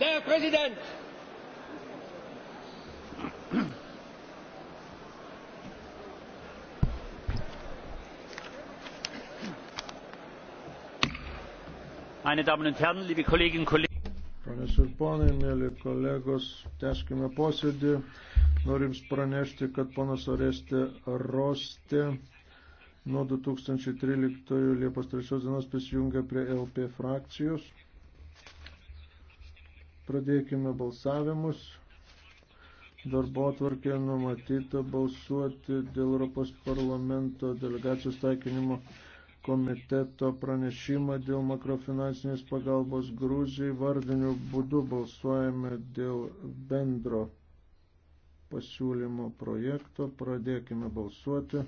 Der Präsident! Meine Damen und Herren, liebe Kolleginnen und Kollegen! Panas ir ponai, mėly kolegos, teskime posėdį. Norim pranešti, kad ponas Orestė Rostė nuo 2013 Liepos 3 dienos prisijungia prie LP frakcijos. Pradėkime balsavimus. Darbo atvarkė numatyta balsuoti dėl Europos parlamento delegacijos taikinimo komiteto pranešimą dėl makrofinansinės pagalbos Gruzijai. Vardiniu būdu balsuojame dėl bendro pasiūlymo projekto. Pradėkime balsuoti.